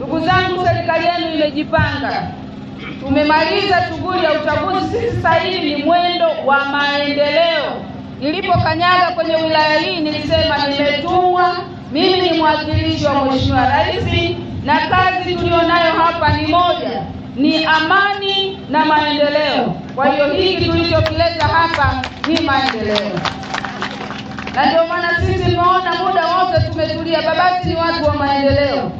Ndugu zangu, serikali yenu imejipanga. Tumemaliza shughuli ya uchaguzi. Sasa hivi ni mwendo wa maendeleo. Nilipokanyaga kwenye wilaya hii, nilisema nimetumwa, mimi ni mwakilishi wa Mheshimiwa Rais, na kazi tuliyonayo hapa ni moja, ni amani na maendeleo. Kwa hiyo hiki tulichokileta hapa ni maendeleo, na ndio maana sisi tumeona muda wote tumetulia. Babati ni watu wa maendeleo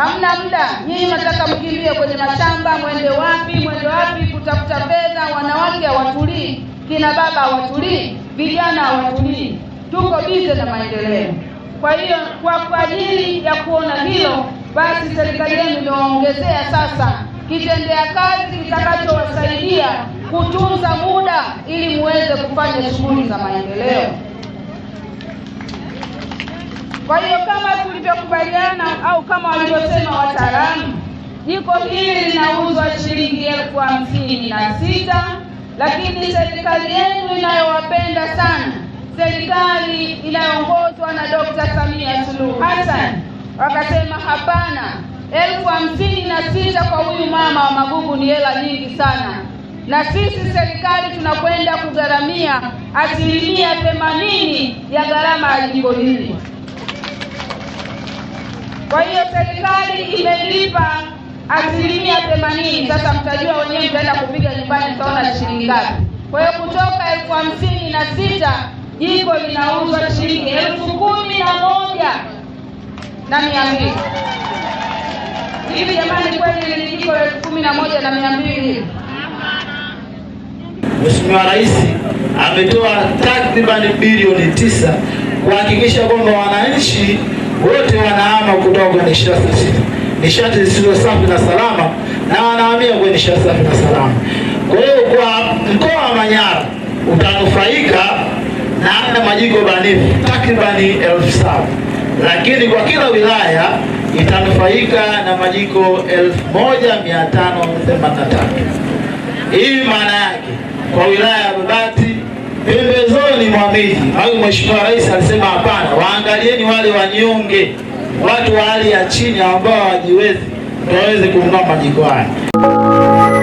hamna muda nyinyi mnataka mkimbie kwenye mashamba mwende wapi mwende wapi kutafuta fedha wanawake hawatulii kina baba hawatulii vijana hawatulii tuko bize na maendeleo kwa hiyo kwa ajili ya kuona hilo basi serikali yenu imewaongezea sasa kitendea kazi kitakachowasaidia kutunza muda ili muweze kufanya shughuli za maendeleo kwa hiyo kama tulivyokubaliana au kama walivyosema wataalamu, jiko hili linauzwa shilingi elfu hamsini na sita, lakini serikali yenu inayowapenda sana, serikali inayoongozwa na Dr. Samia Suluhu Hassan wakasema hapana, elfu hamsini na sita kwa huyu mama wa magugu ni hela nyingi sana, na sisi serikali tunakwenda kugharamia asilimia themanini ya gharama ya jiko hili. Kwa hiyo serikali imelipa asilimia themanini. Sasa mtajua wenyewe, mtaenda kupiga nyumbani, mtaona shilingi ngapi. Kwa hiyo kutoka elfu hamsini na sita jiko linauzwa shilingi elfu kumi na moja na mia mbili hivi. Jamani, kweli ni jiko elfu kumi na moja na mia mbili hivi? Mheshimiwa Rais ametoa takribani bilioni tisa kuhakikisha kwamba wananchi wote wanahama kutoka kwa nishati zisizo safi na salama na wanahamia kwa nishati safi na salama. Kwa hiyo kwa mkoa wa Manyara utanufaika na ana majiko banifu takribani elfu saba lakini kwa kila wilaya itanufaika na majiko tatu. Hii maana yake kwa wilaya ya Babati, Pembe mwamizi au mheshimiwa rais alisema hapana, waangalieni wale wanyonge, watu wa hali ya chini ambao hawajiwezi waweze kununua majiko haya.